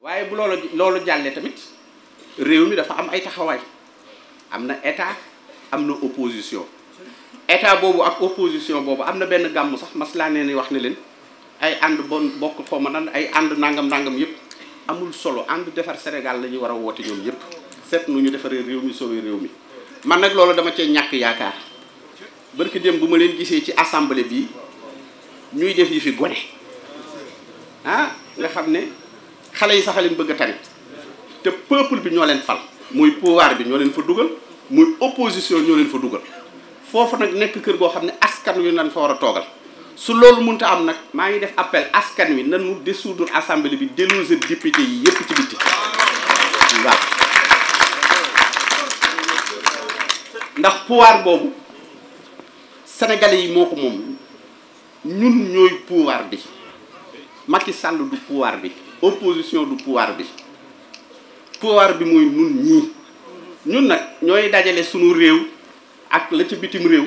waaye bu loolu loolu jàllee tamit réew mi dafa am ay taxawaay am na état am na opposition état boobu ak opposition boobu am na benn gàmmu sax maslaa nee ni wax ne leen ay ànd bon bokk xaw ma nan ay ànd nangam nangam yëpp amul solo ànd defar Sénégal lañuy ñu war a woote ñoom yëpp seet nu ñu defaree réew mi soowee réew mi man nag loolu dama cee ñàkk yaakaar barki dem bu ma leen gisee ci assemblée bi ñuy def yi fi gone ah nga xam ne xale yi sax leen bëgg a tari te peuple bi ñoo leen fal muy pouvoir bi ñoo leen fa dugal muy opposition ñoo leen fa dugal foofu nag nekk kër goo xam ne askan wi lañ fa war a toogal su loolu mënta am nag maa ngi def appel askan wi nanu dissoudre assemblée bi déloger député yi yépp ci bitti waaw ndax pouvoir boobu sénégalais yi moo ko moom ñun ñooy pouvoir bi Macky Sall du pouvoir bi opposition du pouvoir bi pouvoir bi muy nun ñii ñun na ñooy dajale sunu réew ak la ci bitim réew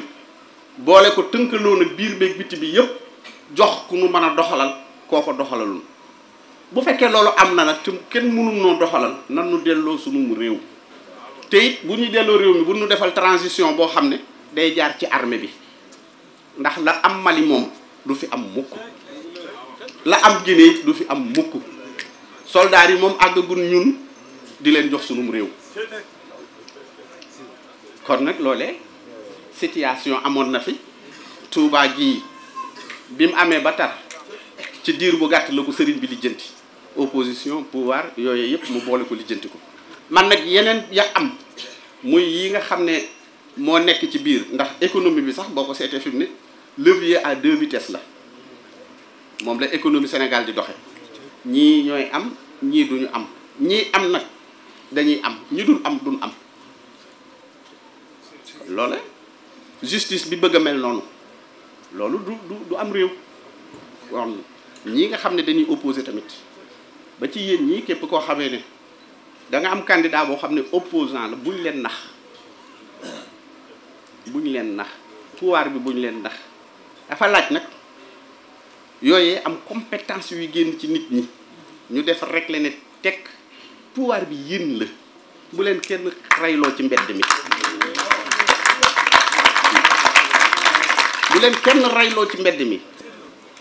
boole ko tënkaloo na biir beeg bitim bi yépp jox ku nu mën a doxalal koo ko doxalalul bu fekkee loolu am na nag te kenn mënul noo doxalal nan nu delloo sunu réew te it bu ñu delloo réew mi bu ñu defal transition boo xam ne day jaar ci armée bi ndax la am Mali moom du fi am mukk la am Guinée du fi am mukk soldaar yi moom àggagul ñun di leen jox sunum réew kon nag loole situation amoon na fi Touba gii bi mu amee ba tar ci diir bu gàtt la ko sëriñ bi lijjanti opposition pouvoir yooyu yëpp mu boole ko lijjanti ko man nag yeneen ya am muy yi nga xam ne moo nekk ci biir ndax économie bi sax boo ko seetee fi ne levier à deux vitesses la moom la économie Sénégal di doxe ñii ñooy am ñii duñu am ñii am nag dañuy am ñi dul am duñ am loole justice bi bëgg a mel noonu loolu du du am réew kon ñii nga xam ne dañuy opposé tamit ba ci yéen ñii képp koo xamee ne danga am candidat boo xam ne opposant la buñ leen nax buñ leen nax pouvoir bi buñ leen nax dafa laaj nag yooyee am competence yuy génn ci nit ñi ñu def rek la ne tekk pouvoir bi yéen la bu leen kenn reyloo ci mbedd mi bu leen kenn reyloo ci mbedd mi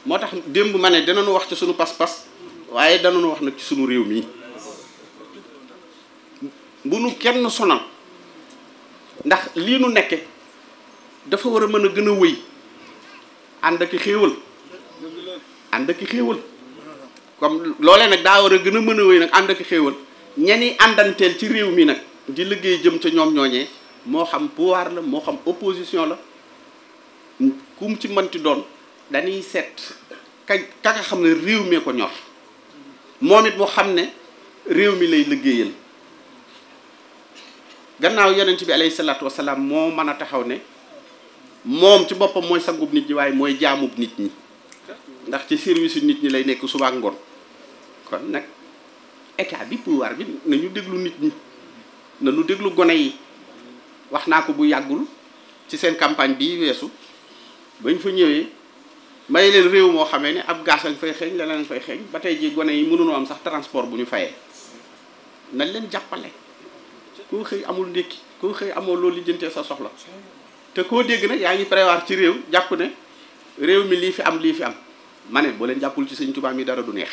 moo tax démb ma ne danañu wax ci suñu pas-pas waaye danañu wax na ci sunu réew mi bu nu kenn sonal ndax lii nu nekkee dafa war a mën a gën a wéy ànd ak xéewal Anda ak xéewal comme loolee nag daa war a gën a mën a wéy nag ak xéewal ñeni àndanteel ci réew mi nag di liggéey jëm ca ñoom ñooñee moo xam pouvoir la moo xam opposition la kum ci mënti doon dañuy set ka ka nga xam ne réew ko ñor moom it mu réew mi lay liggéeyal gannaaw yonent bi alayhi salaatu wasalaam moo mën a taxaw ne moom ci boppam mooy sangub nit ñi waaye mooy jaamub nit ñi ndax ci service yu nit ñi lay nekk suba ak ngoon kon nag état bi pouvoir bi nañu déglu nit ñi lu déglu gone yi wax naa ko bu yàggul ci seen campagne bi weesu bañ fa ñëwee may leen réew moo xamee ne ab gaas a nga fay xeeñ leneen fay xeeñ ba tey ji gone yi mënunoo am sax transport bu ñu fayee nañ leen jàppale koo xëy amul ndékki koo xëy amoo loolu lijjantee sa soxla te koo dégg na yaa ngi prévoir ci réew jàpp ne réew mi lii fi am lii fi am ma ne boo leen jàppul ci sëñ Tuubaa yi dara du neex